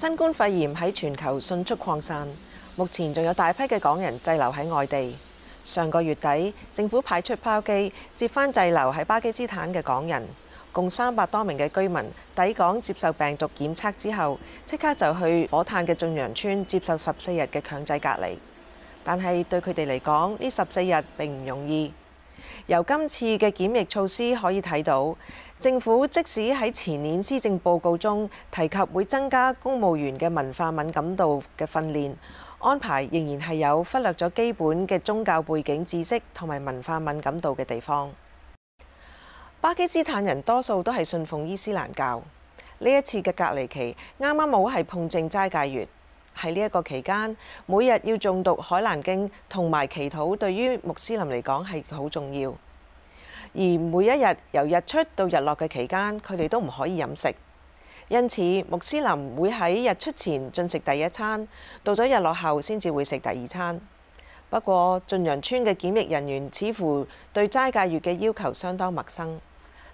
新冠肺炎喺全球迅速擴散，目前仲有大批嘅港人滯留喺外地。上個月底，政府派出包機接返滯留喺巴基斯坦嘅港人，共三百多名嘅居民抵港接受病毒檢測之後即刻就去火炭嘅駿洋邨接受十四日嘅強制隔離。但係對佢哋嚟講呢十四日並唔容易。由今次嘅檢疫措施可以睇到，政府即使喺前年施政報告中提及會增加公務員嘅文化敏感度嘅訓練安排，仍然係有忽略咗基本嘅宗教背景知識同埋文化敏感度嘅地方。巴基斯坦人多數都係信奉伊斯蘭教，呢一次嘅隔離期啱啱好係碰正齋戒月。喺呢一個期間，每日要誦讀《可蘭經》同埋祈禱，對於穆斯林嚟講係好重要。而每一日由日出到日落嘅期間，佢哋都唔可以飲食。因此，穆斯林會喺日出前進食第一餐，到咗日落後先至會食第二餐。不過，駿洋邨嘅檢疫人員似乎對齋戒月嘅要求相當陌生。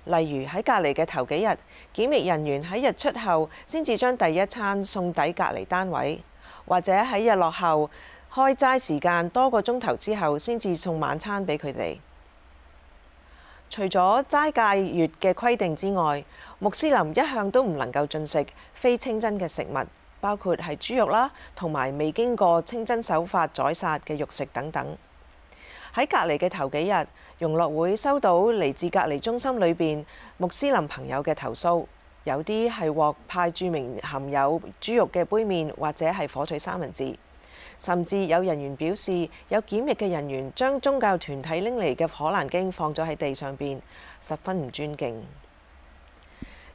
例如喺隔離嘅頭幾日，檢疫人員喺日出後先至將第一餐送抵隔離單位。或者喺日落後開齋時間多個鐘頭之後，先至送晚餐俾佢哋。除咗齋戒月嘅規定之外，穆斯林一向都唔能夠進食非清真嘅食物，包括係豬肉啦，同埋未經過清真手法宰殺嘅肉食等等。喺隔離嘅頭幾日，融樂會收到嚟自隔離中心裏面穆斯林朋友嘅投訴。有啲係獲派註明含有豬肉嘅杯麵，或者係火腿三文治。甚至有人員表示，有檢疫嘅人員將宗教團體拎嚟嘅可蘭經放咗喺地上邊，十分唔尊敬。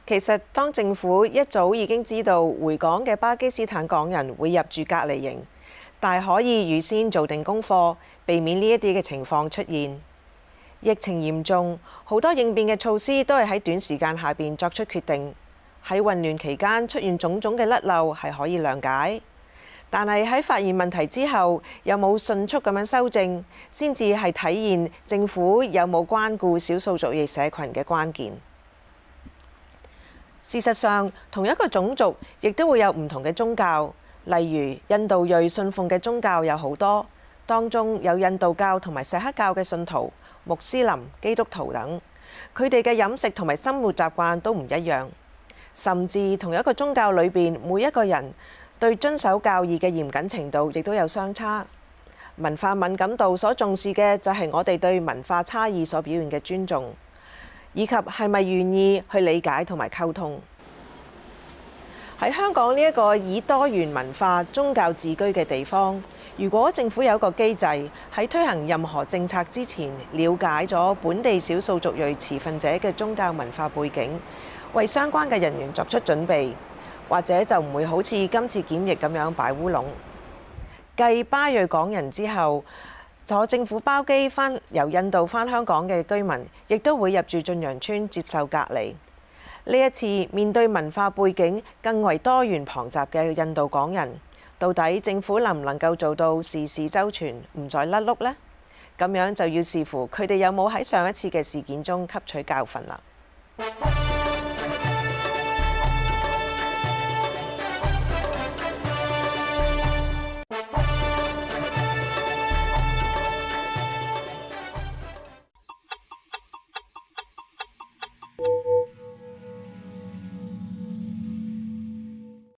其實，當政府一早已經知道回港嘅巴基斯坦港人會入住隔離營，但可以預先做定功課，避免呢一啲嘅情況出現。疫情嚴重，好多應變嘅措施都係喺短時間下面作出決定。喺混亂期間出現種種嘅甩漏係可以諒解，但係喺發現問題之後有冇迅速咁樣修正，先至係體現政府有冇關顧少數族裔社群嘅關鍵。事實上，同一個種族亦都會有唔同嘅宗教，例如印度裔信奉嘅宗教有好多，當中有印度教同埋錫克教嘅信徒、穆斯林、基督徒等，佢哋嘅飲食同埋生活習慣都唔一樣。甚至同一個宗教裏面，每一個人對遵守教義嘅嚴謹程度，亦都有相差。文化敏感度所重視嘅就係我哋對文化差異所表現嘅尊重，以及係咪願意去理解同埋溝通。喺香港呢一個以多元文化、宗教自居嘅地方，如果政府有一個機制喺推行任何政策之前，了解咗本地少數族裔持份者嘅宗教文化背景。為相關嘅人員作出準備，或者就唔會好似今次檢疫咁樣擺烏龍。繼巴裔港人之後，坐政府包機翻由印度返香港嘅居民，亦都會入住俊陽村接受隔離。呢一次面對文化背景更為多元龐雜嘅印度港人，到底政府能唔能夠做到事事周全，唔再甩碌呢？咁樣就要視乎佢哋有冇喺上一次嘅事件中吸取教訓啦。